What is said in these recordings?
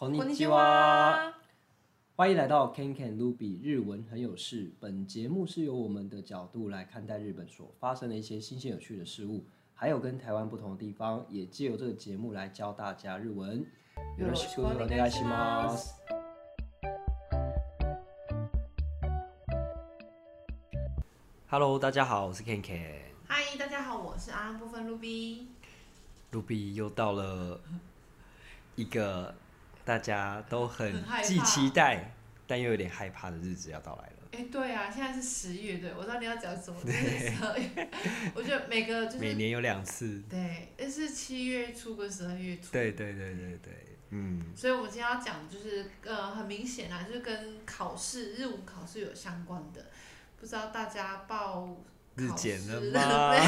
こんにちは，歡迎來到 Kenken Ruby 日文很有事。本節目是由我們的角度來看待日本所發生的一些新鮮有趣的事物，還有跟台灣不同的地方，也借由這個節目來教大家日文。有日語課的大家，起嗎？Hello，大家好，我是 Kenken。Hi，大家好，我是阿浪部分 Ruby。Ruby 又到了一個。大家都很既期待，但又有點害怕的日子要到來了。哎、欸，對啊，現在是十月，對，我知道你要講什麼。就是、對，我覺得每個就是每年有兩次。對，那是七月初跟十二月初。對對對對對，嗯。所以，我們今天要講就是呃，很明顯啊，就是跟考試、日文考試有相關的。不知道大家報考日檢了嗎？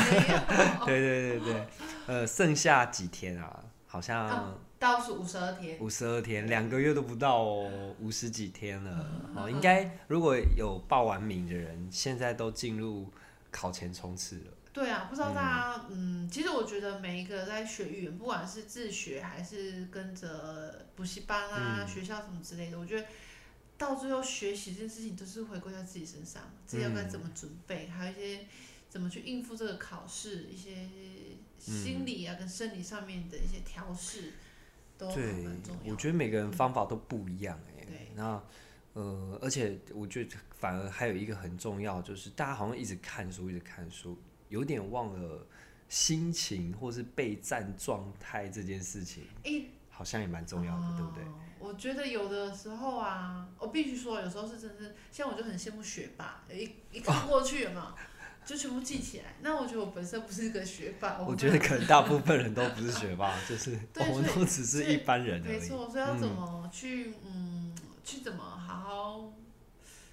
沒有 對對對對， 呃，剩下幾天啊，好像、啊。到是五十二天，五十二天，兩個月都不到哦，嗯、五十幾天了。哦、嗯，應該如果有報完名的人，嗯、現在都進入考前衝刺了。對啊，不知道大家，嗯，嗯，其實我覺得每一個在學語言，不管是自學還是跟着補習班啊、嗯、學校什麼之類的，我覺得到最後學習這件事情都是回歸在自己身上，自己要該怎麼準備，嗯、還有一些怎麼去應付這個考試，一些心理啊跟生理上面的一些調試。嗯對，我覺得每個人方法都不一樣哎。然後、嗯、呃，而且我覺得反而還有一個很重要，就是大家好像一直看書，一直看書，有點忘了心情或是備戰狀態這件事情。欸、好像也蠻重要的，啊、對不對？我覺得有的時候啊，我必須說，有時候是真的，像我就很羨慕學霸，一一看過去嘛。啊就全部記起來，那我覺得我本身不是一個學霸。我，我覺得可能大部分人都不是學霸， 就是對、哦、我們都只是一般人而已沒錯，所以要怎麼去嗯，嗯去怎麼好好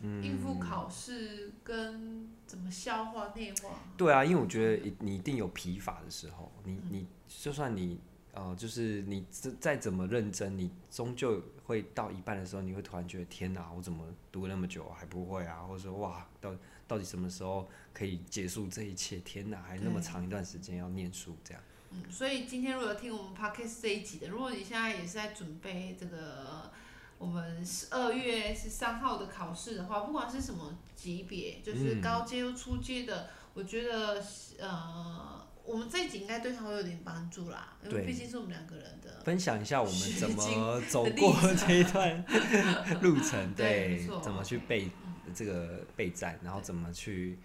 應付考試跟怎麼消化內化？對啊，因為我覺得你一定有疲乏的時候，你你就算你呃就是你再怎麼認真，你終究會到一半的時候，你會突然覺得天哪，我怎麼讀那麼久還不會啊？或者說哇到。到底什麼時候可以結束這一切？天哪，還那麼長一段時間要念書，這樣。嗯，所以今天如果聽我們 Podcast 這一集的，如果你現在也是在準備這個我們十二月十三號的考試的話，不管是什麼級別，就是高階又初階的，嗯、我覺得呃，我們這一集應該對他會有點幫助啦。對因為畢竟是我們兩個人的分享，一下我們怎麼走過這一段 路程，對，對怎麼去背。這個備戰，然後怎麼去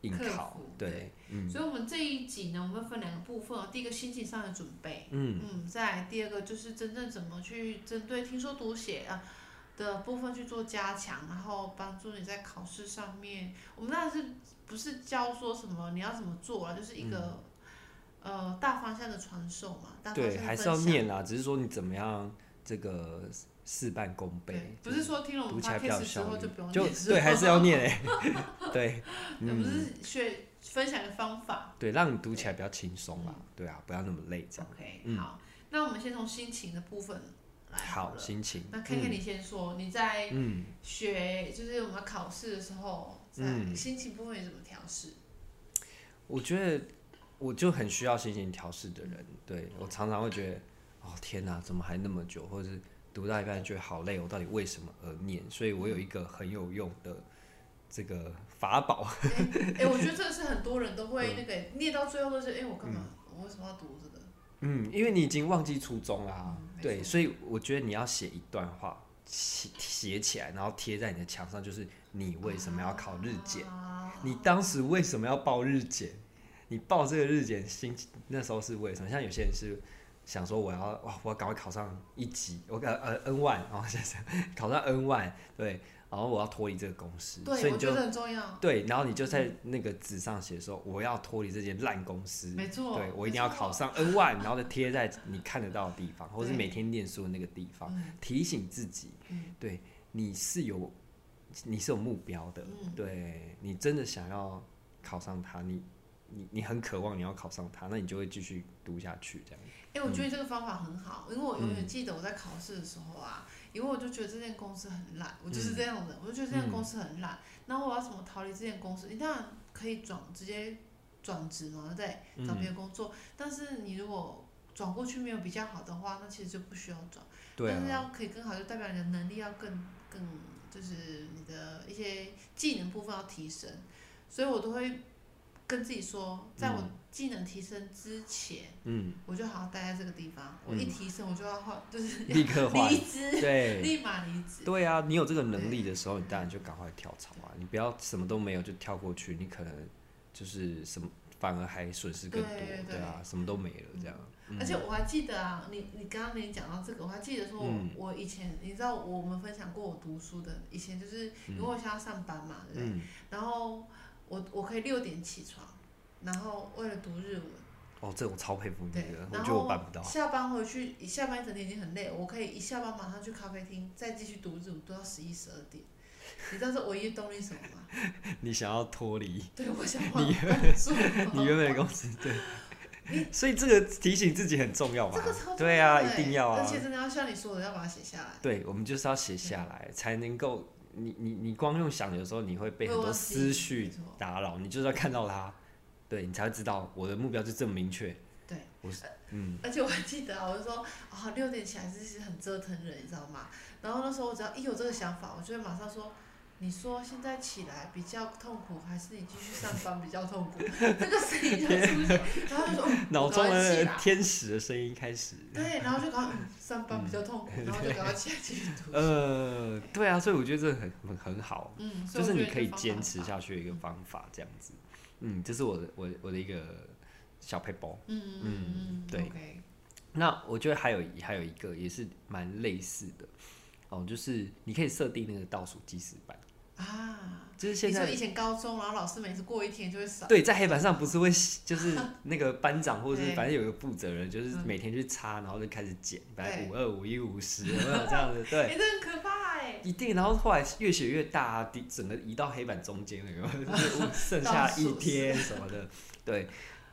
應考？對，所以我們這一集呢，我們分兩個部分。第一個心情上的準備，嗯，嗯，再來第二個就是真正怎麼去針對聽說讀寫啊的部分去做加強，然後幫助你在考試上面。我們那是不是教說什麼你要怎麼做啊？就是一個、嗯、呃大方向的傳授嘛，大方向。對還是要念啊，只是說你怎麼樣這個。事半功倍，不是說聽了我們話考試之後就不用念詩，對，還是要念誒。對，不是學分享的方法，對，讓你讀起來比較輕鬆嘛。對啊，不要那麼累這樣。OK，好，那我們先從心情的部分來。好，心情，那看看你先說，你在嗯學，就是我們考試的時候，在心情部分你怎麼調適？我覺得我就很需要心情調適的人，對我常常會覺得，哦天哪，怎麼還那麼久，或者是。讀到一半覺得好累，我到底為什麼而念？所以我有一個很有用的這個法寶。哎，我覺得這是很多人都會那個、嗯、念到最後都是：哎、欸，我幹嘛？嗯、我為什麼要讀這個？嗯，因為你已經忘記初衷啦、啊。嗯、對，所以我覺得你要寫一段話，寫寫起來，然後貼在你的牆上，就是你為什麼要考日檢？啊、你當時為什麼要報日檢？你報這個日檢心情那時候是為什麼？像有些人是。想說我要哇，我要趕快考上一級，我考呃 N1，然後這考上 N1，對，然後我要脫離這個公司。對，所以你就我覺得很重要。對，然後你就在那個紙上寫說、嗯、我要脫離這間爛公司。沒錯。對，我一定要考上 N1，哦然後再貼在你看得到的地方，或者是每天念書的那個地方，對提醒自己，嗯、對，你是有你是有目標的，嗯、對你真的想要考上它，你你你很渴望你要考上它，那你就會繼續讀下去這樣。哎、欸，我覺得這個方法很好，嗯、因為我永遠記得我在考試的時候啊，嗯、因為我就覺得這間公司很爛，我就是這樣的，嗯、我就覺得這間公司很爛。那、嗯、我要怎麼逃離這間公司？你、欸、當然可以轉直接轉職嘛，對不對？找別的工作。嗯、但是你如果轉過去沒有比較好的話，那其實就不需要轉。對、啊、但是要可以更好，就代表你的能力要更更，就是你的一些技能部分要提升。所以我都會。跟自己說，在我技能提升之前，嗯，我就好好待在這個地方。我一提升，我就要換，就是立刻離職，對，立馬離職。對啊，你有這個能力的時候，你當然就趕快跳槽啊！你不要什麼都沒有就跳過去，你可能就是什麼反而還損失更多，對啊，什麼都沒了這樣。而且我還記得啊，你你剛剛你講到這個，我還記得說，我以前你知道我們分享過我讀書的，以前就是因為我想要上班嘛，對，然後。我我可以六點起床，然後為了讀日文。哦，這我超佩服你了，對我覺得我辦不到。下班回去，一下班整天已經很累，我可以一下班馬上去咖啡廳，再繼續讀日文，讀到十一十二點。你知道這唯一動力什麼嗎？ 你想要脫離？對，我想換你，你原本的公司對。你所以這個提醒自己很重要嘛？這個超重要、欸、對啊，一定要啊。而且真的要像你說的，要把它寫下來。對，我們就是要寫下來，對才能夠。你你你光用想，有時候你會被很多思緒打擾，你就是要看到他，對你才會知道我的目標就這麼明確。對，不是我嗯，而且我還記得啊，我就說啊，哦，六點起來其實是很折騰人，你知道嗎？然後那時候我只要一有這個想法，我就會馬上說。你說現在起來比較痛苦，還是你繼續上班比較痛苦？那個聲音又出現，然後就說：“腦中的天使的聲音開始。”對，然後就趕快上班比較痛苦，然後就趕快起來繼續讀。呃，對啊，所以我覺得這很很很好，嗯，就是你可以堅持下去的一個方法，這樣子。嗯，這是我的我我的一個小撇步。嗯嗯嗯，對。那我覺得還有還有一個也是蠻類似的哦，就是你可以設定那個倒數計時版。啊，就是現在。你說以前高中，然後老師每次過一天就會掃。對，在黑板上不是會，就是那個班長或者反正有一個負責人，就是每天去擦，然後就開始減，本來五二五一五十，有沒有對這樣子？對，欸、這很可怕哎。一定，然後後來越寫越大，第整個移到黑板中間了，就剩下一天什麼的，對。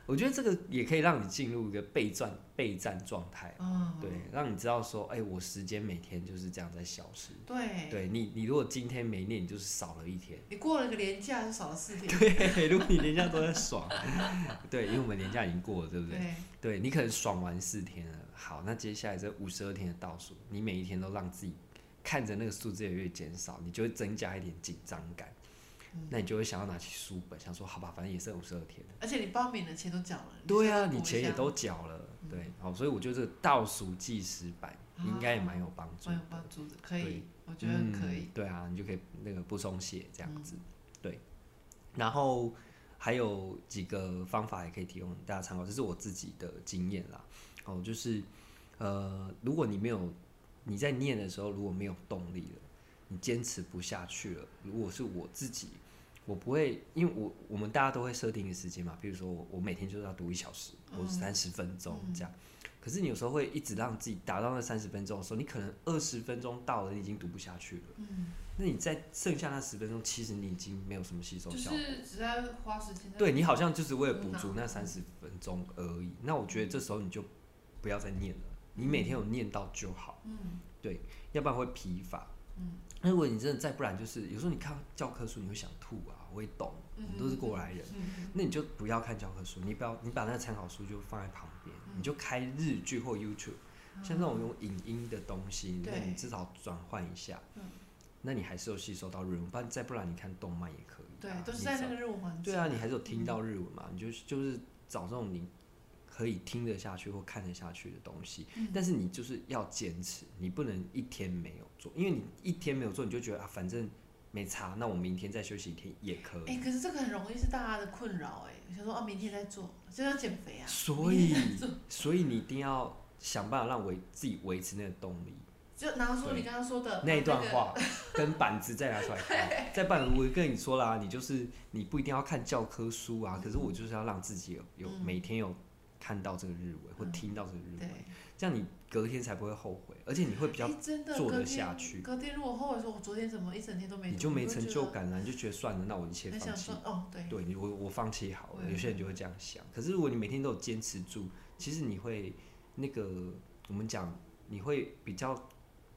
我覺得這個也可以讓你進入一個備戰備戰狀態，嗯、對，讓你知道說，哎、欸，我時間每天就是這樣在消失。對，對你，你如果今天沒念，你就是少了一天。你過了個年假就少了四天。對， 如果你年假都在爽， 對，因為我們年假已經過了，對不對？對，對，你可能爽完四天了。好，那接下來這五十二天的倒數，你每一天都讓自己看着那個數字也越來越減少，你就會增加一點緊張感。那你就會想要拿起書本，想說好吧，反正也是五十二天，而且你報名的錢都繳了。對啊，你，你錢也都繳了。嗯、對，好、哦，所以我覺得這個倒數計時版應該也蠻有幫助。蠻有幫助的，可以，對我覺得可以、嗯。對啊，你就可以那個不鬆懈這樣子。嗯、對，然後還有幾個方法也可以提供大家參考，這是我自己的經驗啦。哦，就是呃，如果你沒有你在念的時候如果沒有動力了，你堅持不下去了，如果是我自己。我不會，因為我我們大家都會設定一個時間嘛，比如說我我每天就是要讀一小時，或三十分鐘這樣。嗯嗯、可是你有時候會一直讓自己達到那三十分鐘的時候，你可能二十分鐘到了，你已經讀不下去了。嗯、那你在剩下那十分鐘，其實你已經沒有什麼吸收效果，就是只花時間。對，你好像就是為了補足那三十分鐘而已。嗯、那我覺得這時候你就不要再念了，嗯、你每天有念到就好。嗯。對，要不然會疲乏。嗯。如果你真的再不然就是，有時候你看教科書你會想吐啊，我也懂，你都是過來人，那你就不要看教科書，你不要你把那個參考書就放在旁邊，嗯、你就開日劇或 YouTube，嗯、像那種用影音的東西，你、啊、你至少轉換一下，對那你還是有吸收到日文，不然再不然你看動漫也可以、啊，對，都是在那個日文，對啊，你還是有聽到日文嘛，嗯、你就就是找這種你。可以聽得下去或看得下去的東西，嗯、但是你就是要堅持，你不能一天沒有做，因為你一天沒有做，你就覺得啊，反正沒差，那我明天再休息一天也可以。哎、欸，可是這個很容易是大家的困擾、欸，哎，我想說哦、啊，明天再做，就要減肥啊。所以，所以你一定要想辦法讓維自己維持那個動力。就拿出你剛剛說的對那段話，那個 跟板子再拿出來看。 對再辦，我跟你說啦，你就是你不一定要看教科書啊，嗯嗯可是我就是要讓自己有有、嗯、每天有。看到這個日文或聽到這個日文，嗯、這樣你隔天才不會後悔，而且你會比較做得下去。欸、隔天、隔天如果後悔說，我昨天怎麼一整天都沒，你就沒成就感了，你就覺得算了，那我一切放棄。哦，對，對你我我放棄好了。對有些人就會這樣想。可是如果你每天都有堅持住，其實你會那個我們講，你會比較。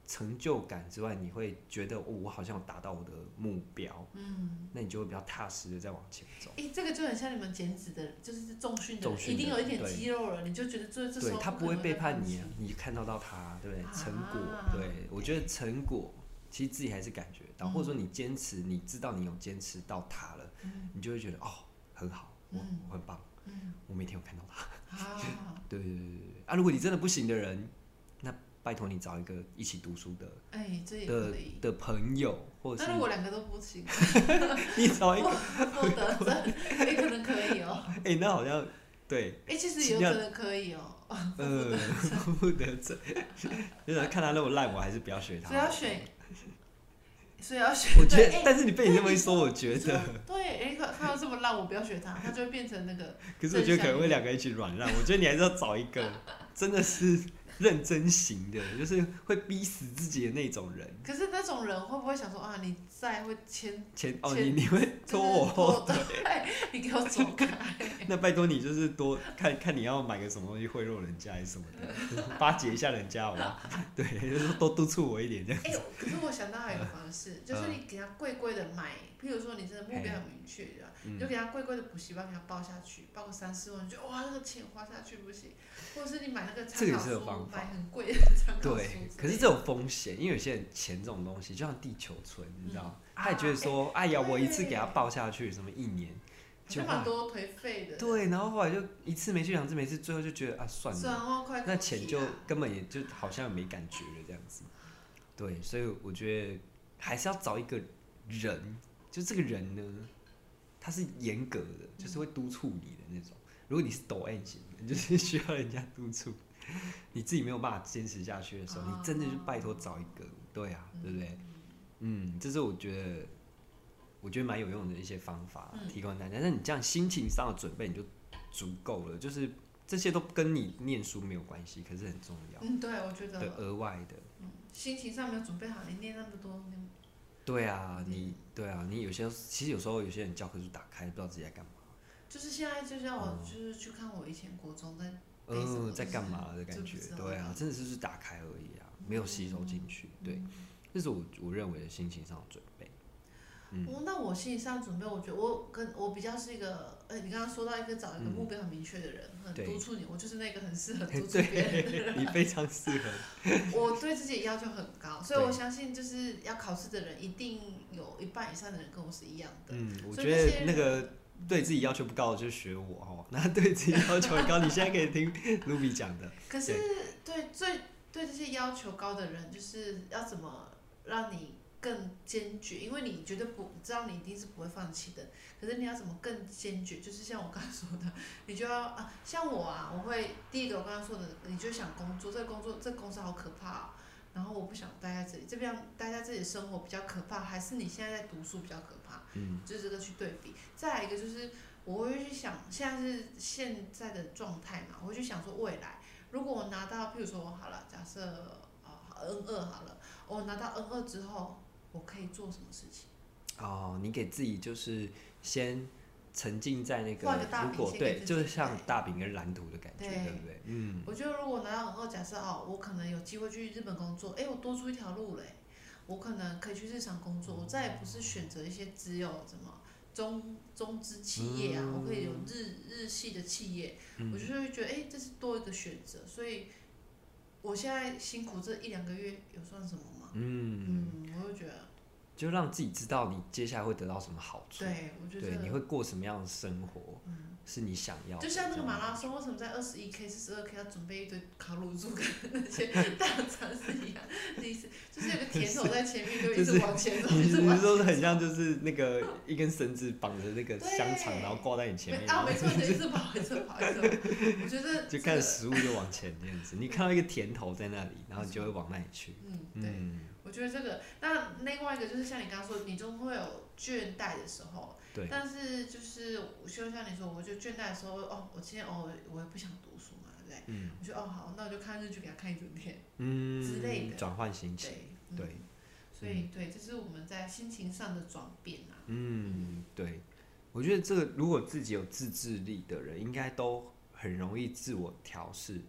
成就感之外，你會覺得我好像有達到我的目標，嗯，那你就會比較踏實的再往前走。誒，這個就很像你們減脂的，就是重訓的，一定有一點肌肉了，你就覺得這這時候對，他不會背叛你，你看到到他，對不對？成果，對我覺得成果，其實自己還是感覺到，或者說你堅持，你知道你有堅持到他了，你就會覺得哦，很好，我很棒，嗯，我每天有看到他，對對對對對對，啊，如果你真的不行的人，拜託你找一個一起讀書的，哎，這的的朋友，或者那如果兩個都不行，你找一個不得正，也可能可以哦。哎，那好像對，哎，其實有可能可以哦。嗯，不得正，就想看他那麼爛，我還是不要學他。所以要選？所以要選？我覺，得，但是你被你這麼一說，我覺得對，哎，看看到這麼爛，我不要學他，他就會變成那個。可是我覺得可能會兩個一起軟爛，我覺得你還是要找一個，真的是。認真型的，就是會逼死自己的那種人。可是那種人會不會想說啊，你在會牽牽哦，你你會拖我後腿，你給我走開。那拜託你就是多看看你要買個什麼東西賄賂人家還是什麼的，巴結一下人家，好不好？對，就是多督促我一點這樣。哎，可是我想到還有一個方式，就是你給他貴貴的買，譬如說你真的目標很明確的，你就給他貴貴的補習班給他報下去，報個三四萬，你就哇那個錢花下去不行？或者是你買那個參考書？買很貴的，對，可是這種風險，因為有些人錢這種東西就像地球村，你知道，他也覺得說，哎呀，我一次給他報下去，什麼一年，就，這麼多頹廢的，對，然後後來就一次沒去，兩次沒去，最後就覺得啊，算了，那錢就根本也就好像沒感覺了這樣子，對，所以我覺得還是要找一個人，就這個人呢，他是嚴格的，就是會督促你的那種，如果你是抖愛型的，你就是需要人家督促。你自己沒有辦法堅持下去的時候，啊、你真的就拜托找一個，對啊，嗯、對不對？嗯，這是我覺得，我覺得蠻有用的一些方法，嗯、提供大家。那你這樣心情上的準備你就足夠了，就是這些都跟你念書沒有關係，可是很重要。嗯，對，我覺得。對額外的。嗯，心情上沒有準備好，你念那麼多。麼對啊，嗯、你對啊，你有些其實有時候有些人教科書打開，不知道自己在幹嘛。就是現在，就像我，就是去看我以前國中的、嗯。嗯，呃就是、在幹嘛的感覺？對啊，真的是是打開而已啊，沒有吸收進去。嗯、對，嗯、這是我我認為的心情上的準備。嗯，那我心理上的準備，我覺得我跟我比較是一個，哎、欸，你剛剛說到一個找一個目標很明確的人，嗯、很督促你，對我就是那個很適合督促別人的人。你非常適合。 我對自己的要求很高，所以我相信就是要考試的人，一定有一半以上的人跟我是一樣的。嗯對，我覺得那個。對自己要求不高的就學我哦，那對自己要求高， 你現在可以聽 Ruby 講的。可是對最對,對這些要求高的人，就是要怎麼讓你更堅決？因為你絕對不，知道你一定是不會放棄的。可是你要怎麼更堅決？就是像我剛剛說的，你就要啊，像我啊，我會第一個我剛剛說的，你就想工作，這個、工作這個、公司好可怕啊、喔。然後我不想待在這裡，這邊待在這裡的生活比較可怕，還是你現在在讀書比較可怕。嗯，就是這個去對比，再來一個就是我會去想，現在是現在的狀態嘛，我會去想說未來，如果我拿到，譬如說好了，假設啊、哦、N 二好了，我拿到 N 二之後，我可以做什麼事情？哦，你給自己就是先沉浸在那個，如果對，就是像大餅跟藍圖的感覺，對對不對？嗯，我覺得如果拿到 N 二，假設哦，我可能有機會去日本工作，哎、欸，我多出一條路嘞。我可能可以去日常工作，我再也不是選擇一些只有什麼中中資企業啊，我可以有日日系的企業，嗯、我就是覺得哎、欸，這是多一個選擇，所以我現在辛苦這一兩個月有算什麼嗎？嗯嗯，我就覺得，就讓自己知道你接下來會得到什麼好處，對，我覺得，對，你會過什麼樣的生活？嗯。是你想要的。就像那個馬拉松，為什麼在二十一 k、四十二 k 要準備一堆烤乳豬跟那些大腸是一樣？意思就是有個甜頭在前面，就一直往前走。你不是說很像就是那個一根繩子綁着那個香腸，然後掛在你前面，然後一直跑一直跑。我覺得就看着食物就往前那樣子，你看到一個甜頭在那裡，然後你就會往那裡去。嗯，對。我覺得這個那另外一個就是像你剛剛說，你就會有倦怠的時候。對但是就是，就像你說，我就倦怠的時候，哦，我今天偶爾我也不想讀書嘛，對不對？嗯。我就哦，好，那我就看日劇給他看一整天，嗯，之類的，轉換心情，對。嗯、對。嗯、所以，對，這是我們在心情上的轉變啊。嗯，嗯對。我覺得這個，如果自己有自制力的人，應該都很容易自我調適。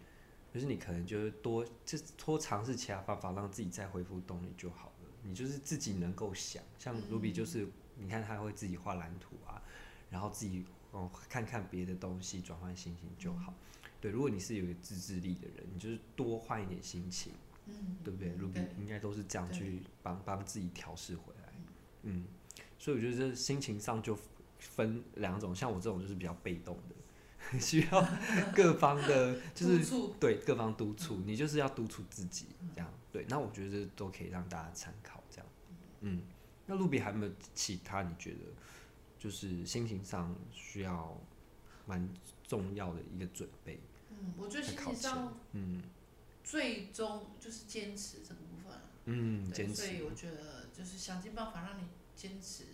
就是你可能就是多，就多嘗試其他方法，讓自己再恢復動力就好了。你就是自己能夠想，嗯、像 Ruby 就是。你看他會自己畫藍圖啊，然後自己哦、呃、看看別的東西，轉換心情就好。對，如果你是有自制力的人，你就是多換一點心情，嗯、對不對？盧比 Okay. 應該都是這樣去幫對幫自己調試回來。嗯，嗯，所以我覺得心情上就分兩種，像我這種就是比較被動的， 需要各方的，就是 促對各方督促，你就是要督促自己這樣。對，那我覺得這都可以讓大家參考這樣。嗯。那露比還有沒有其他？你覺得就是心情上需要蠻重要的一個準備？嗯，我覺得是考前，嗯，最終就是堅持這個部分。嗯，堅對持。所以我覺得就是想盡辦法讓你堅持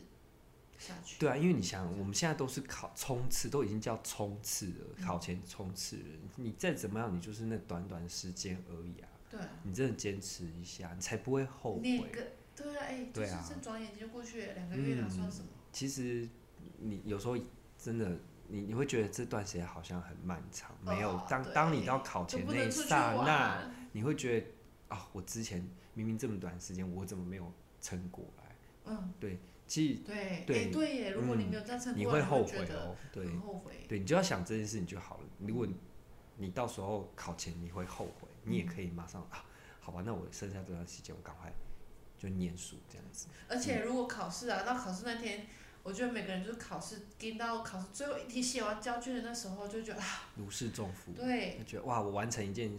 下去。對啊，因為你想，我們現在都是考衝刺，都已經叫衝刺了，考前衝刺了。嗯、你再怎麼樣，你就是那短短時間而已啊。對。你真的堅持一下，你才不會後悔。那個對啊，哎、欸，就是轉眼間過去兩、啊、個月了，算什麼、嗯？其實你有時候真的，你你會覺得這段時間好像很漫長。哦、沒有，當對當你到考前那一剎那，你會覺得啊，我之前明明這麼短時間，我怎麼沒有撐過來？嗯，對，其實對，欸、對如果你沒有這樣撐、嗯、你會後悔哦，後悔對，很後悔。對，你就要想這件事情就好了。如果你你到時候考前你會後悔，你也可以馬上、嗯、啊，好吧，那我剩下這段時間我趕快。就念書這樣子，而且如果考試啊，到考試那天，我覺得每個人就是考試，聽到考試最後一題寫完交卷的那時候，就覺得啊，如釋重負，對，覺得哇，我完成一件，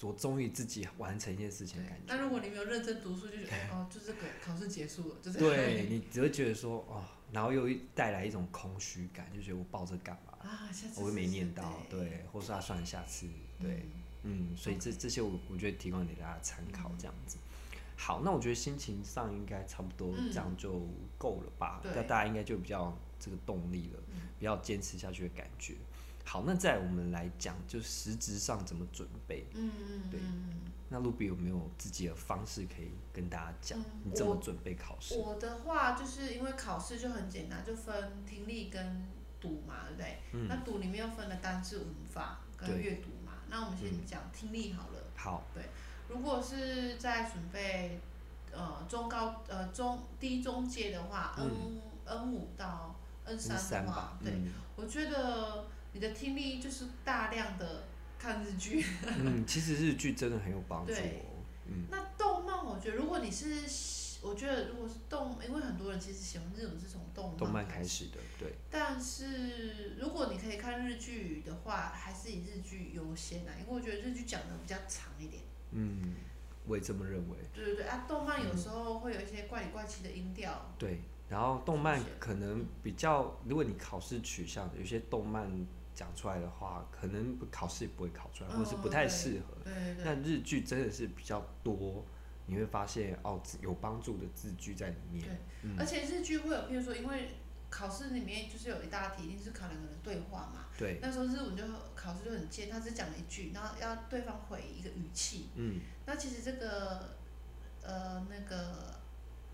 我終於自己完成一件事情的感覺。但如果你沒有認真讀書，就覺得哦，就這個考試結束了，就是對你只會覺得說哦，然後又帶來一種空虛感，就覺得我抱着幹嘛啊？我又沒念到，對，或是他算下次，對，嗯，所以這這些我我覺得提供給大家參考這樣子。好，那我覺得心情上應該差不多，這樣就夠了吧？那大家應該就比較這個動力了，比較堅持下去的感覺。好，那再來我們來講，就實質上怎麼準備？嗯嗯，對。那露比有沒有自己的方式可以跟大家講？你怎麼準備考試？我的話就是因為考試就很簡單，就分聽力跟讀嘛，對不對？那讀裡面又分了單字、文法跟閱讀嘛。那我們先講聽力好了。好，對。如果是在準備，呃，中高呃中低中階的話，N N 五到 N 三的話，對，嗯、我覺得你的聽力就是大量的看日劇。嗯， 其實日劇真的很有幫助、喔、對嗯，那動漫，我覺得如果你是，嗯、我覺得如果是動，因為很多人其實喜歡日本是從動漫開始的，對。但是如果你可以看日劇的話，還是以日劇優先啊，因為我覺得日劇講的比較長一點。嗯，我也這麼認為。對對對啊，動漫有時候會有一些怪裡怪氣的音調、嗯。對，然後動漫可能比較，如果你考試取向，有些動漫講出來的話，可能考試也不會考出來，或是不太適合。哦、對對對，但日劇真的是比較多，你會發現哦，有幫助的字句在裡面。對嗯、而且日劇會有，比如說，因為。考試裡面就是有一大題，一定是考兩個人對話嘛。對。那時候日文就考試就很尖，他只講了一句，然後要對方回一個語氣。嗯。那其實這個，呃，那個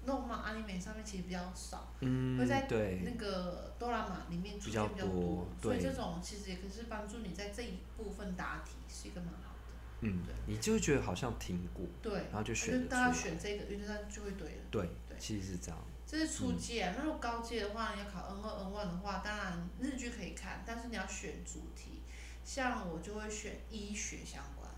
《諾曼阿尼美》上面其實比較少，嗯、對會在那個《多拉瑪》裡面出現比較多。較多對所以這種其實也可以是幫助你在這一部分答題是一個蠻好的。嗯。對。你就覺得好像聽過。對。然後就選得、啊。就大家選這個，因為它就會對了。對對，對其實是這樣。這是初階、啊，那、嗯、如果高階的話，你要考 N 二、N 一的話，當然日劇可以看，但是你要選主題，像我就會選醫學相關。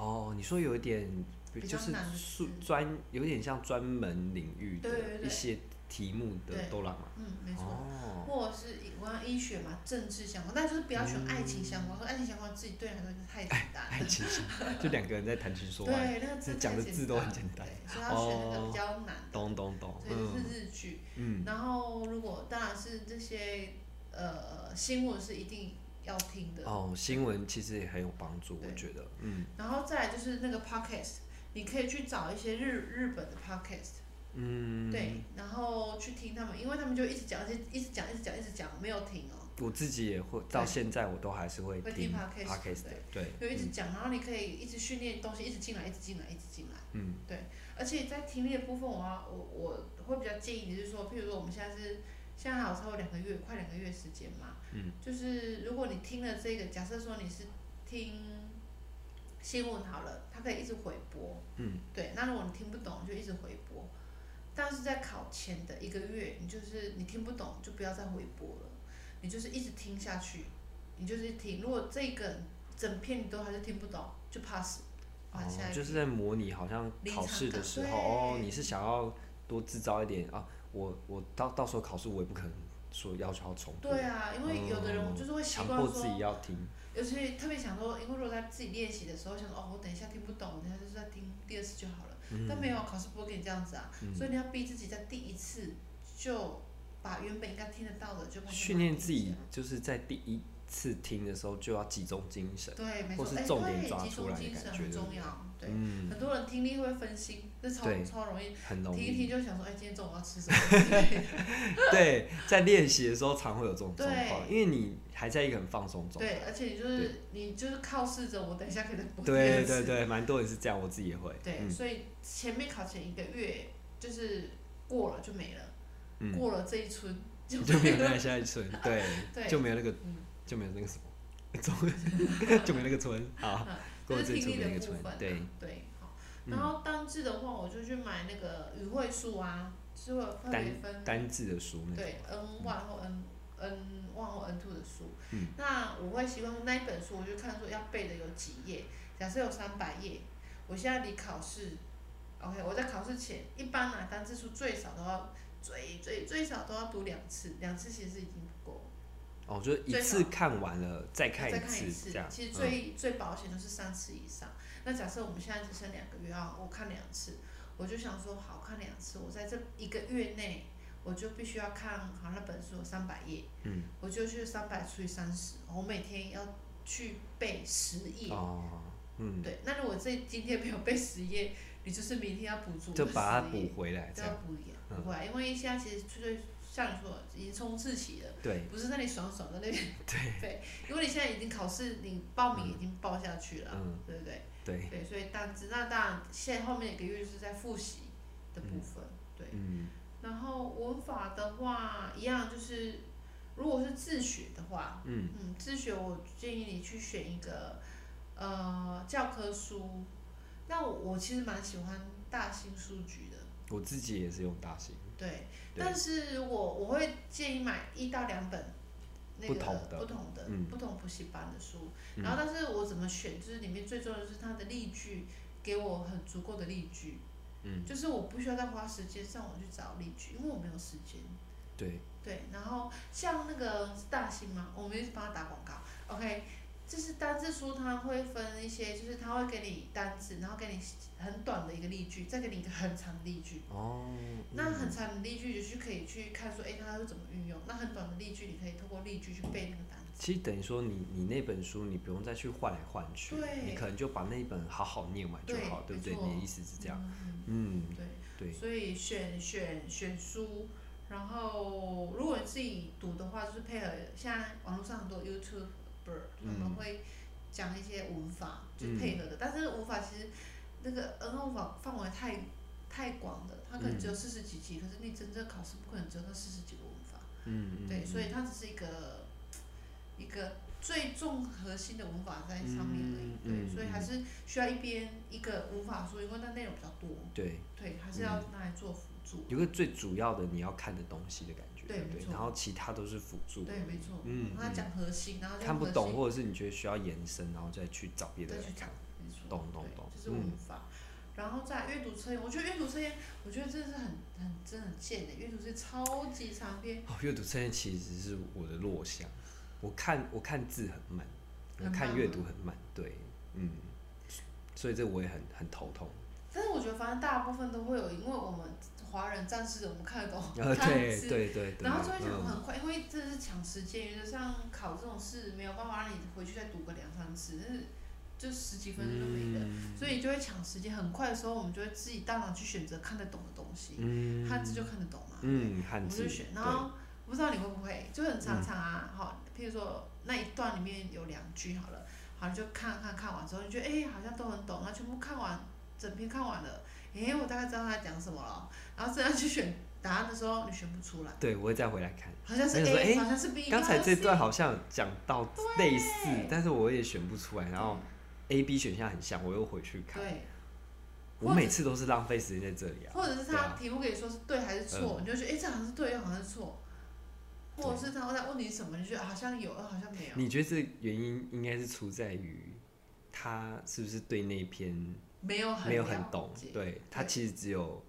哦，你說有一點，比較難就是專，有點像專門領域的對對對，一些。題目的多啦嘛，嗯，沒錯，或者是我醫學嘛，政治相關，但是不要選愛情相關，愛情相關自己對很多就太簡單，愛情就兩個人在談情說愛，對，那個字講的字都很簡單，所以要選的比較難。懂懂懂，這是日劇，嗯，然後如果當然是這些呃新聞是一定要聽的哦，新聞其實也很有幫助，我覺得，嗯，然後再來就是那個 podcast，你可以去找一些日日本的 podcast。嗯，對，然後去聽他們，因為他們就一直講，一直，一直講，一直講，一直講，沒有停哦。我自己也會對到現在，我都還是會會聽 podcast 對對，就一直講，然後你可以一直訓練東西，一直進來，一直進來，一直進來。嗯，對。而且在聽力的部分我，我我我會比較建議，就是說，譬如說我們現在是現在還有差不多兩個月，快兩個月時間嘛。嗯。就是如果你聽了這個，假設說你是聽新聞好了，它可以一直回播。嗯。對，那如果你聽不懂，就一直回播。但是在考前的一個月，你就是你聽不懂就不要再回播了，你就是一直聽下去，你就是聽。如果這個整篇你都還是聽不懂，就 pass。哦，就是在模擬好像考試的時候哦，你是想要多製造一點啊？我我到到時候考試我也不可能說要求要重。對啊，因為有的人我、哦、就是會強迫自己要聽，有些特別想說，因為如果在自己練習的時候想說哦，我等一下聽不懂，等一下就再聽第二次就好了。都、嗯、沒有，考試不會給你這樣子啊，嗯、所以你要逼自己在第一次就把原本應該聽得到的就訓練自己，就是在第一次聽的時候就要集中精神，或是重點抓出來的感覺。很重要，對。很多人聽力會分心，這超超容易。很容易。聽一聽就想說，哎，今天中午要吃什麼？對。在練習的時候常會有這種狀況，因為你還在一個很放鬆狀態。對，而且你就是你就是靠試着，我等一下可能不會。對對對，蠻多人是這樣，我自己也會。對，所以前面考前一個月就是過了就沒了，過了這一村就沒有那下一村，對，就沒有那個。就沒有那個什麼， 就沒那，沒那個村啊，就是聽力的部分。對對，然後單字的話，我就去買那個語彙書啊，是會分為分單字的書。對，N one 或 N N one 或 N two 的書。嗯。那我會希望那一本書，我就看說要背的有幾頁，假設有三百頁，我現在離考試，OK，我在考試前，一般啊，單字書最少都要最最最少都要讀兩次，兩次其實已經。我、哦，就一次看完了，好再看一次，再看一次樣其實最、嗯、最保險的是三次以上。那假設我們現在只剩兩個月啊，我看兩次，我就想說好，好看兩次，我在這一個月內，我就必須要看好那本書有三百頁，嗯，我就去三百除以三十，我每天要去背十頁。哦，嗯。對，那如果這今天沒有背十頁，你就是明天要補足。就把它補回來，對，補一補回來。因為現在其實像你說的，已經衝刺期了，對，不是那裡爽爽的那邊，對，如果你現在已經考試，你報名已經報下去了，嗯、對不對，對？對對，所以但只那當然，現在後面一個月是在復習的部分，嗯、對，然後文法的話，一樣就是，如果是自學的話，嗯嗯，自學我建議你去選一個呃教科書，那我，我其實蠻喜歡大新書局的，我自己也是用大新。對，但是我我會建議買一到兩本，那個不同的、不同的、嗯、不同補習班的書，嗯、然後但是我怎麼選？就是裡面最重要的，是它的例句給我很足夠的例句，嗯，就是我不需要再花時間上網去找例句，因為我沒有時間。對對，然後像那個大新嘛，我沒幫他打廣告，OK。就是單字書，它會分一些，就是它會給你單字，然後給你很短的一個例句，再給你一個很長的例句。哦。那很長的例句，你就是可以去看說，哎、欸，它是怎麼運用？那很短的例句，你可以透過例句去背那個單字。嗯、其實等於說你，你你那本書，你不用再去換來換去，對你可能就把那一本好好念完就好，對，對不對？錯你的意思是這樣？嗯，嗯對。對，所以選選選書，然後如果你自己讀的話，就是配合現在網絡上很多 YouTube。他們會講一些文法、嗯、就配合的，嗯、但是文法其實那個呃文法範圍太太廣了，它可能只有四十幾句，嗯、可是你真正考試不可能只有那四十幾個文法。嗯，嗯對，所以它只是一個一個最重核心的文法在上面而已。嗯嗯嗯、對，所以還是需要一邊一個文法書，因為那內容比較多。對對，還是要拿來做輔助。嗯、有個最主要的你要看的東西的感覺。對，對，然後其他都是輔助。對，沒錯。嗯，他講核心，嗯、然後看不懂，或者是你覺得需要延伸，然後再去找別的人來看。去沒錯。懂懂懂，就是文法。嗯、然後再閱讀測驗，我覺得閱讀測驗，我覺得這是很很真的很賤的。閱讀是超級長篇。閱、哦、讀測驗，其實是我的弱項。我看我看字很慢，很慢，我看閱讀很慢。對，嗯。所以這我也很很頭痛。但是我覺得，反正大部分都會有，因為我們。華人戰士，我們看得懂漢字，然後就會講得很快，嗯、因為真的是搶時間。因為像考這種事，沒有辦法讓你回去再讀個兩三次，就是就十幾分鐘就沒了，嗯、所以就會搶時間，很快的時候，我們就會自己大腦去選擇看得懂的東西。漢字、嗯、就看得懂嘛，嗯，漢字，我們就選。然後我不知道你會不會，就很常常啊，好、嗯哦，譬如說那一段裡面有兩句，好了，好，就看看看完之後，你覺得哎、欸，好像都很懂，那全部看完。整篇看完了，哎、欸，我大概知道他在講什麼了。然後這樣去選答案的時候，你選不出來。對，我會再回來看。好像是 A，、欸、好像是 B。剛才這段好像講到類似，對但是我也選不出來。然後 A、B 選項很像，我又回去看。對，我每次都是浪費時間在這裡啊。或者，啊或者是他題目給你說是對還是錯，呃、你就覺得誒、欸，這好像是對，又好像是錯。或者是他會在問你什麼，你覺得好像有，好像沒有。你覺得這原因應該是出在於他是不是對那篇？沒有，很沒有很懂，對，他其實只有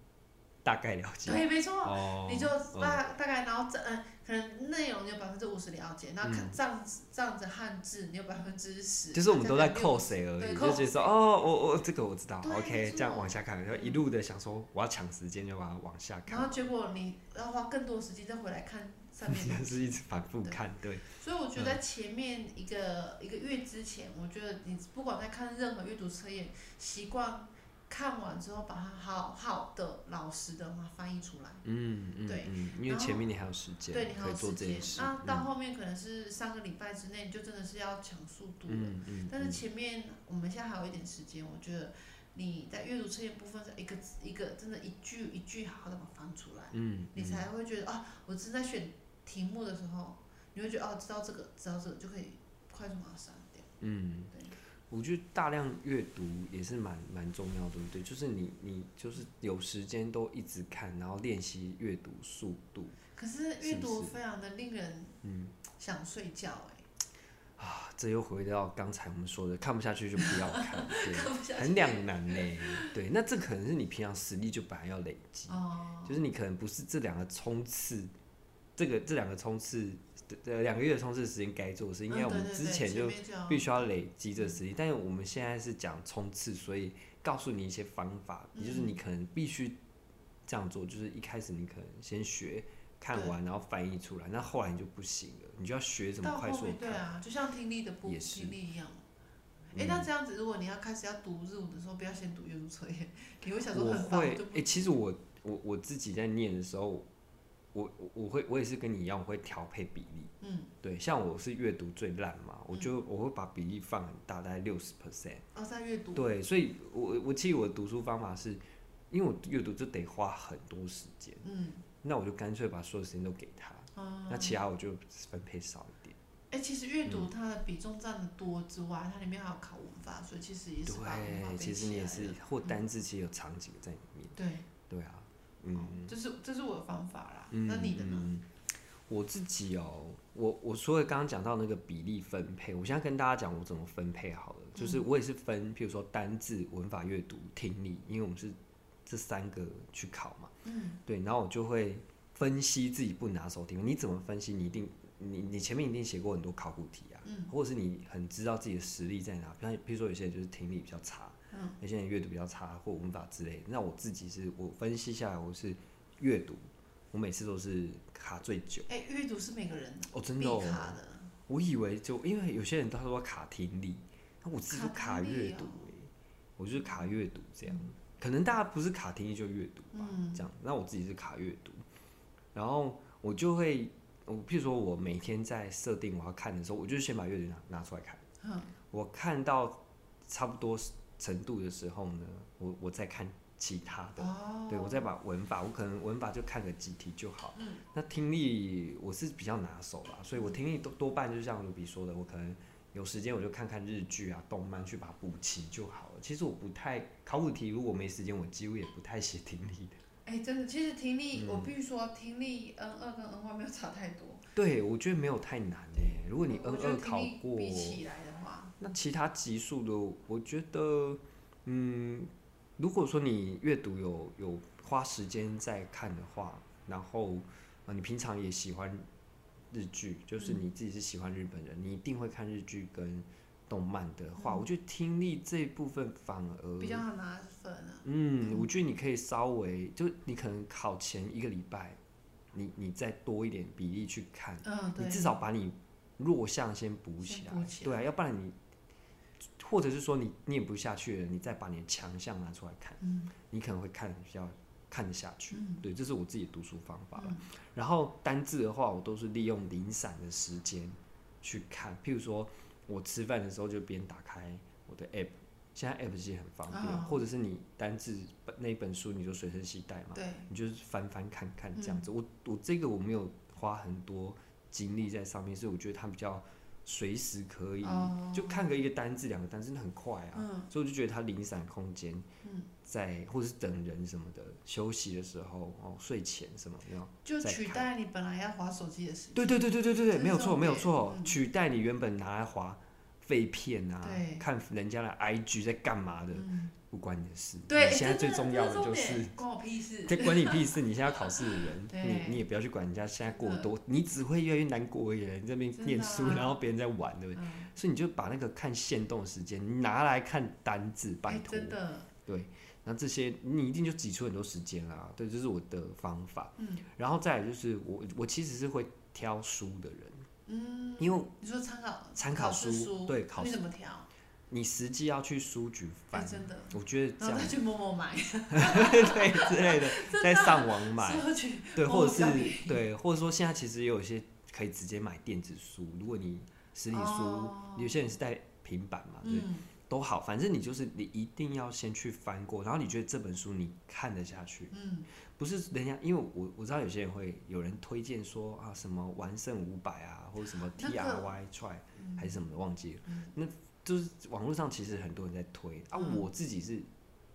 大概了解對。對，沒錯，哦、你就大大概，嗯、然後嗯、呃，可能內容有百分之五十了解，那看這樣子，嗯、這樣子漢字你有百分之十。就是我們都在扣誰而已，對就覺得說哦，我我這個我知道對，OK，這樣往下看，然後一路的想說我要搶時間，就把它往下看。然後結果你要花更多時間再回來看。那是一直反覆看，對。所以我覺得前面一個一個月之前，我覺得你不管在看任何閱讀測驗，習慣看完之後把它好好的、老實的話，翻譯出來。嗯嗯。對，因為前面你還有時間，對，你還有時間。那到後面可能是三個禮拜之內，就真的是要搶速度了。嗯嗯。但是前面我們現在還有一點時間，我覺得你在閱讀測驗部分是一個一個真的，一句一句好好的把它翻出來。嗯，你才會覺得啊，我正在選。題目的時候，你會覺得哦，知道這個，知道這個就可以快速把它刪掉。嗯，對，我覺得大量閱讀也是蠻蠻重要的，對不對？就是你你就是有時間都一直看，然後練習閱讀速度。可是閱讀是不是？非常的令人嗯想睡覺哎、嗯、啊，這又回到剛才我們說的，看不下去就不要看，對 看不下去。很兩難呢。對，那這可能是你平常實力就本來要累積，哦、就是你可能不是這兩個衝刺。這個這兩個衝刺的呃、兩個月的衝刺時間該做的事，應該、嗯、我們之前就必須要累積這實力，嗯、對對對，但是我們現在是講衝刺，所以告訴你一些方法，也、嗯、就是你可能必須這樣做，就是一開始你可能先學看完，對然後翻譯出來，那後來你就不行了，你就要學怎麼快速看。對啊，就像聽力的播是聽力一樣。哎、嗯，那這樣子，如果你要開始要讀日文的時候，不要先讀閱讀作業，你會想說很煩。哎會，其實我我我自己在念的時候。我我會我也是跟你一樣，我會調配比例。嗯，對，像我是閱讀最爛嘛，嗯、我就我會把比例放很大，大概六十 percent。哦、在閱讀。對，所以我，我我其實我的讀書方法是，因為我閱讀就得花很多時間。嗯。那我就乾脆把所有時間都給他。嗯、那其他我就分配少一點。哎、嗯欸，其實閱讀它的比重佔得多之外，它裡面還有考文法，所以其實也是把文法背起來對，其實你也是，或、嗯、單字其實有場景在裡面。對。對啊。嗯，哦、這是這是我的方法啦。嗯、那你的呢？我自己哦、喔，嗯、我我說了剛剛講到那個比例分配，我現在跟大家講我怎麼分配好了。就是我也是分，比如說單字、文法、閱讀、聽力，因為我們是這三個去考嘛。嗯。對，然後我就會分析自己不拿手聽力，你怎麼分析？你一定你你前面一定寫過很多考古題啊，嗯，或者是你很知道自己的實力在哪，比方，比如說有些人就是聽力比較差。嗯、那些人閱讀比較差，或文法之類的。那我自己是我分析下來，我是閱讀，我每次都是卡最久。哎、欸，閱讀是每個人、啊、哦，真的，哦。我以為就因為有些人他說卡聽力，那我自己就卡閱讀、欸，哎、哦，我就是卡閱讀這樣。嗯、可能大家不是卡聽力就閱讀吧，嗯、這樣。那我自己是卡閱讀，然後我就會，我譬如說我每天在設定我要看的時候，我就先把閱讀拿拿出來看，嗯，我看到差不多是。程度的時候呢，我我再看其他的，oh. 對，我再把文法，我可能文法就看個幾題就好。嗯，那聽力我是比較拿手啦，所以我聽力多多半就像盧比說的，我可能有時間我就看看日劇啊、動漫去把它補齊就好了。其實我不太考古題，如果沒時間，我幾乎也不太寫聽力的。哎、欸，真的，其實聽力、嗯、我必須說，聽力 N 二跟 N 一沒有差太多。對，我覺得沒有太難誒。如果你 N 二考過，起來那其他級數的，我覺得，嗯，如果說你閱讀有有花時間在看的話，然後，啊、呃、你平常也喜歡日劇，就是你自己是喜歡日本人，嗯、你一定會看日劇跟動漫的話，嗯、我覺得聽力這一部分反而比較好拿分，啊、嗯，我覺得你可以稍微，就你可能考前一個禮拜，你你再多一點比例去看，哦、你至少把你弱項先補起來，起來。對啊，要不然你。或者是說你念不下去了，你再把你的強項拿出來看，嗯、你可能會看比較看得下去。嗯、對，這是我自己的讀書方法吧、嗯、然後單字的話，我都是利用零散的時間去看，譬如說我吃飯的時候就邊打開我的 app，現在 app 其實很方便。哦、或者是你單字那本書你就隨身攜帶嘛，對你就是翻翻看看這樣子。嗯、我我這個我沒有花很多精力在上面，所以我覺得它比較。隨時可以、嗯、就看個一個單字、兩個單字，真的很快啊，嗯、所以我就覺得它零散空間，嗯、在或者是等人什麼的休息的時候、哦睡前什麼，就取代看你本來要滑手機的時間。對對對對對對對，沒有錯沒有錯，嗯、取代你原本拿來滑廢片啊，對看人家的 IG 在幹嘛的。嗯不關你的事。對。現在最重要的就是關我屁事。這關你屁事？你現在要考試的人，你你也不要去管人家現在過多，你只會越來越難過而已。人在那邊念書，然後別人在玩，對不對？所以你就把那個看限動的時間拿來看單字，拜託。對。那這些你一定就擠出很多時間啊！對，這是我的方法。然後再來就是我，我其實是會挑書的人。嗯。因為你說參考參考書，對，考試。你怎麼挑？你實際要去書局翻，我覺得這樣再去摸摸買，對之類的，在上網買，對，或者是對，或者說現在其實也有一些可以直接買電子書。如果你實體書，有些人是帶平板嘛，對，都好，反正你就是你一定要先去翻過，然後你覺得這本書你看得下去，嗯，不是人家，因為我我知道有些人會有人推薦說啊什麼完勝五百啊，或者什麼 try try 還是什麼的忘記了，那。就是網絡上其實很多人在推啊，我自己是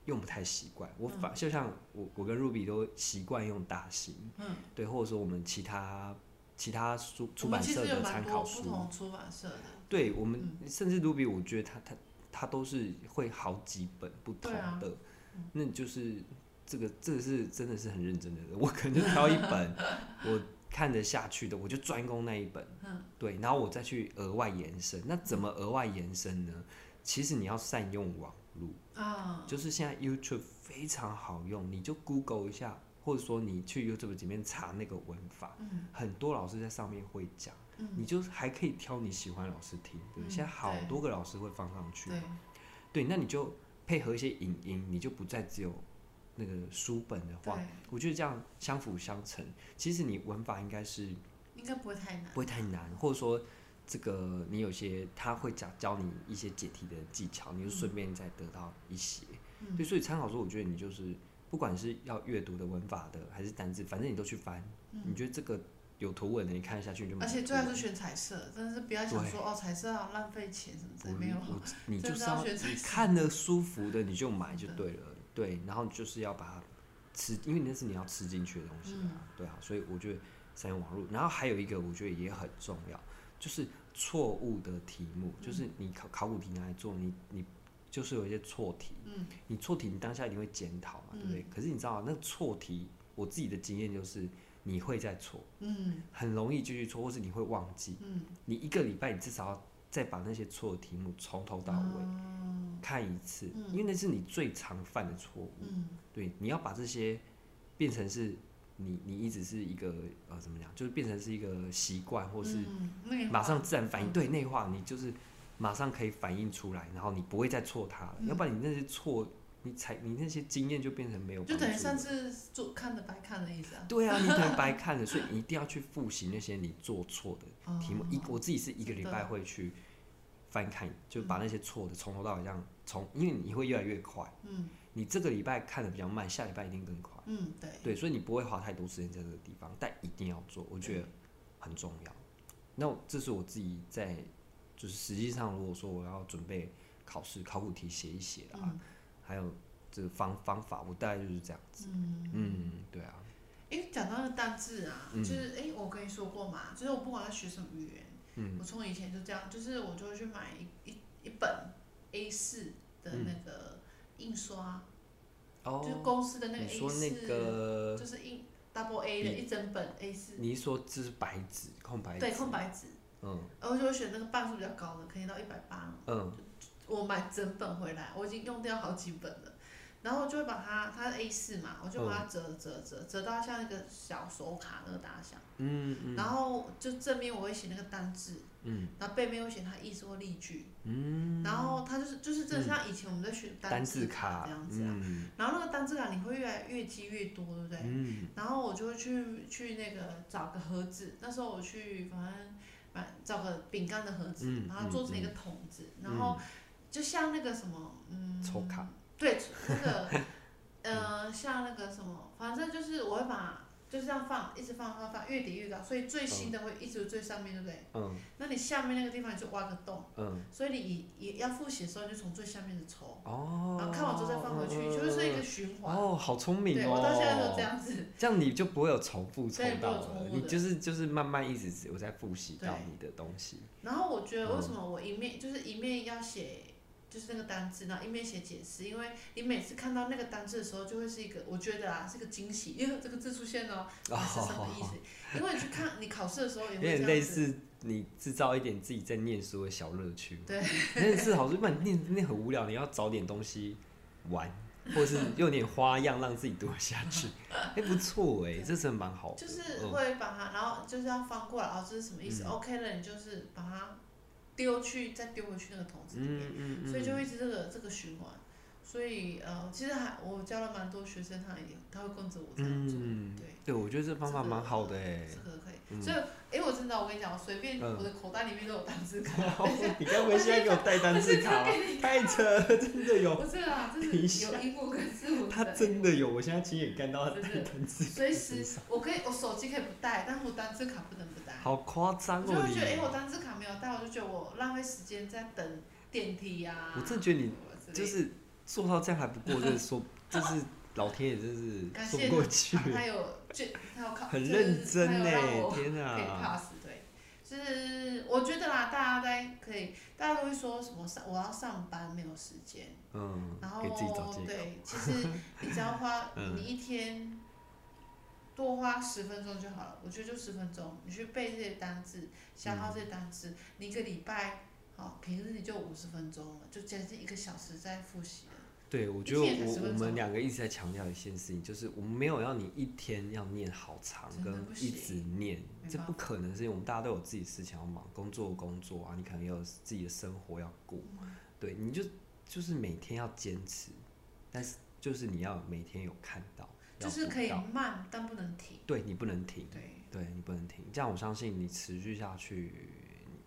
用不太習慣、嗯，我反就像我我跟 Ruby 都習慣用大型，嗯，對，或者說我們其他其他出出版社的參考書出版社的，對我們、嗯、甚至 Ruby，我覺得他他他都是會好幾本不同的，啊、那就是這個這個是真的是很認真的，我可能挑一本 我。看得下去的，我就專攻那一本，嗯哼，對，然後我再去額外延伸。那怎麼額外延伸呢？嗯、其實你要善用網絡啊，哦、就是現在 YouTube 非常好用，你就 Google 一下，或者說你去 YouTube 裡面查那個文法，嗯、很多老師在上面會講，嗯、你就還可以挑你喜歡的老師聽，對，對，嗯、現在好多個老師會放上去，嗯、對，對，那你就配合一些影音，你就不再只有。那個書本的話，我覺得這樣相輔相成。其實你文法應該是應該不會太難，不會太難，或者說這個你有些他會講教你一些解題的技巧，你就順便再得到一些。所以參考書，我覺得你就是不管是要閱讀的文法的，還是單字，反正你都去翻。你覺得這個有圖文的，你看下去就。而且最好是選彩色，但是不要想說哦，彩色好浪費錢什麼的，沒有。你就是要你看了舒服的，你就買就對了。對，然後就是要把它吃，因為那是你要吃進去的東西、嗯、對啊，所以我覺得三元網絡。然後還有一個我覺得也很重要，就是錯誤的題目，嗯、就是你考考古題拿來做，你你就是有一些錯題，嗯、你錯題你當下一定會檢討嘛，對不對？嗯、可是你知道那那錯題我自己的經驗就是你會再錯，嗯，很容易繼續錯，或是你會忘記，嗯，你一個禮拜你至少要。再把那些錯的題目從頭到尾看一次，因為那是你最常犯的錯誤。對，你要把這些變成是你，你一直是一個呃怎麼講，就是變成是一個習慣，或是馬上自然反應。對，內化，你就是馬上可以反應出來，然後你不會再錯它了。要不然你那些錯，你才你那些經驗就變成沒有幫助了。就等於上次做看的白看的意思啊。對啊，你可能白看了，所以你一定要去複習那些你做錯的題目。一，我自己是一個禮拜會去。翻看，就把那些錯的從頭到尾這樣從，因為你會越來越快。嗯。你這個禮拜看得比較慢，下禮拜一定更快。嗯，對。對，所以你不會花太多時間在這個地方，但一定要做，我覺得很重要。嗯、那這是我自己在，就是實際上，如果說我要準備考試考古題，寫一寫啊，嗯、還有這個方方法，我大概就是這樣子。嗯，嗯，對啊。因為講到單字啊，嗯、就是哎、欸，我跟你說過嘛，就是我不管他學什麼語言。.嗯、我從以前就這樣，就是我就會去買一一一本 A4 的那個印刷，嗯、就是公司的那個 A4，就是印 double A 的一整本 A4。你說這是白紙，空白紙？對，空白紙。嗯，然後就會選那個半數比較高的，可以到一百八。嗯，我買整本回來，我已經用掉好幾本了。然後我就會把它，它 A4 嘛，我就把它折，嗯、折折折到像一個小手卡那個大小，嗯嗯、然後就正面我會寫那個單字，嗯、然後背面我會寫它意思或例句，嗯、然後它就是就是正像以前我們在學單字卡這樣子啊，嗯、然後那個單字卡你會越來越積越多，對不對？嗯、然後我就會去去那個找個盒子，那時候我去反正反找個餅乾的盒子，嗯嗯嗯、然後做成一個桶子，嗯、然後就像那個什麼，嗯，抽卡。對，那個，呃，像那個什麼，反正就是我會把就是這樣放，一直放放放，越疊越高。所以最新的會一直在最上面、嗯、對不對？嗯。那你下面那個地方就挖個洞。嗯。所以你也要複習的時候，你就從最下面的抽。哦。然後看完之後再放回去，哦、就是一個循環。哦，好聰明哦！對，我到現在都這樣子。這樣你就不會有重複，對，不會有重複的。你就是就是慢慢一直只有在複習到你的東西。然後我覺得為什麼我一面、嗯、就是一面要寫。就是那個單字然後，一面寫解釋，因為你每次看到那個單字的時候，就會是一個，我覺得啊是一個驚喜，因為這個字出現了、喔，oh, 是什麼意思？因為你去看，你考試的時候，有點類似你制造一點自己在念書的小樂趣，對，類是好書，不然念念很無聊，你要找點東西玩，或者是用點花樣讓自己讀下去、欸，哎不錯哎，這真的蠻好，就是會把它，然後就是要翻過來，哦這是什麼意思、嗯？OK 了，你就是把它。丟去，再丟回去那個桶子裡面，嗯嗯嗯，所以就會一直這個這個循環。所以呃，其實還我教了蠻多學生，他也他會跟着我這樣做。對對，我覺得這方法蠻好的誒。可以。所以，欸，我真的，我跟你講，我隨便我的口袋裡面都有單字卡。你剛不現在給我帶單字卡，太扯了，真的有。不是啊，這是有衣服跟食他真的有，我現在親眼看到他的單字。隨時我可以，我手機可以不帶，但是我單字卡不能不帶。好誇張哦！我就覺得，哎，我單字卡沒有帶，我就覺得我浪費時間在等電梯啊。我真的覺得你就是。做到這樣還不過，就是說，就是老天爺真是說不過去。他有這，他要考，很認真呢，天哪。可以 pass 對，就是我覺得啦，大家在可以，大家都會說什麼上，我要上班沒有時間。嗯。然後對，其實你只要花，你一天多花十分鐘就好了。我覺得就十分鐘，你去背這些單詞，想到這些單詞。你一個禮拜，好，平日你就五十分鐘了，就將近一個小時在複習。對，我覺得我我們兩個一直在強調一件事情，就是我們沒有要你一天要念好長，跟一直念，不這不可能，是因為我們大家都有自己的事情要忙，工作工作啊，你可能也有自己的生活要過。嗯、對，你就就是每天要堅持，但是就是你要每天有看到，到就是可以慢，但不能停，對你不能停，對，對，你不能停，這樣我相信你持續下去，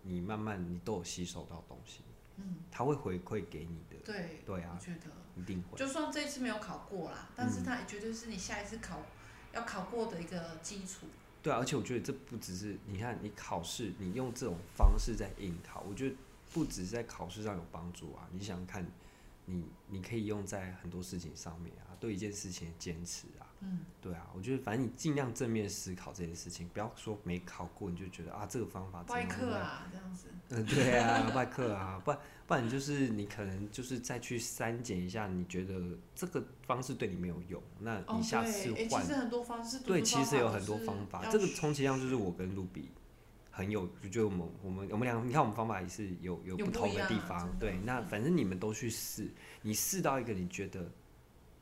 你慢慢你都有吸收到東西，嗯，他會回饋給你的，對，對啊，我覺得。就算這次沒有考過啦，但是它也絕對是你下一次考要考過的一個基礎、嗯。對啊，而且我覺得這不只是你看你考試，你用這種方式在應考，我覺得不只是在考試上有幫助啊。你想看你，你可以用在很多事情上面啊，對一件事情的堅持啊。嗯，對啊，我覺得反正你盡量正面思考這件事情，不要說沒考過你就覺得啊這個方法。外科啊，怎樣，這樣子。嗯，對啊， 外科啊，不然不然就是你可能就是再去刪減一下，你覺得這個方式對你沒有用，那你下次換，哦欸。其實很多方式。對，其實有很多方法。這個充其量就是我跟露比很有，就我們我們我們倆，你看我們方法也是有有不同的地方。啊、對，那反正你們都去試，你試到一個你覺得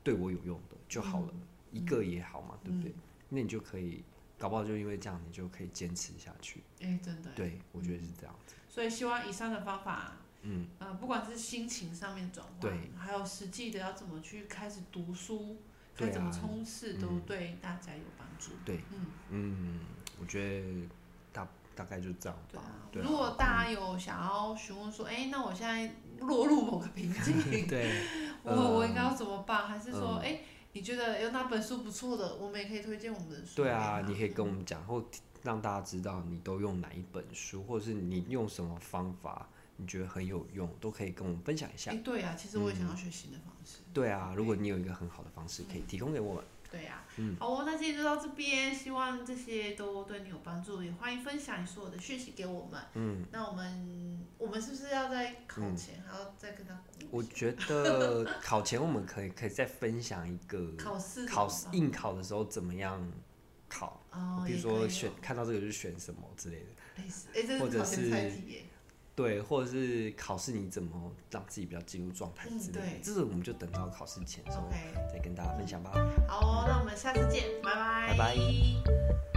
對我有用的就好了。嗯一個也好嘛，對不對？那你就可以，搞不好就因為這樣，你就可以堅持下去。哎，真的。對，我覺得是這樣子。所以希望以上的方法，嗯，呃，不管是心情上面轉換，還有實際的要怎麼去開始讀書，該怎麼衝刺，都對大家有幫助。對，嗯嗯，我覺得大大概就這樣。對啊。如果大家有想要詢問說，哎，那我現在落入某個瓶頸，對，我我應該要怎麼辦？還是說，哎？你覺得有哪本書不錯的，我們也可以推薦我們的書。對啊，你可以跟我們講，或讓大家知道你都用哪一本書，或者是你用什麼方法，你覺得很有用，都可以跟我們分享一下。欸，對啊，其實我也想要學習的方式。嗯、對啊，Okay. 如果你有一個很好的方式，可以提供給我們。對呀、啊，嗯、好哦，那今天就到這邊，希望這些都對你有幫助，也歡迎分享你所有的訊息給我們。嗯，那我們我們是不是要在考前、嗯、還要再跟他鼓勵一下？我覺得考前我們可以 可以再分享一個考試考試應考的時候怎麼樣考，哦、比如說選、哦、看到這個就選什麼之類的，欸、這或者是對，或者是考試，你怎麼讓自己比較進入狀態之類的，嗯、這是我們就等到考試前之後、嗯、再跟大家分享吧。好、哦，嗯、那我們下次見，拜拜。拜拜。拜拜。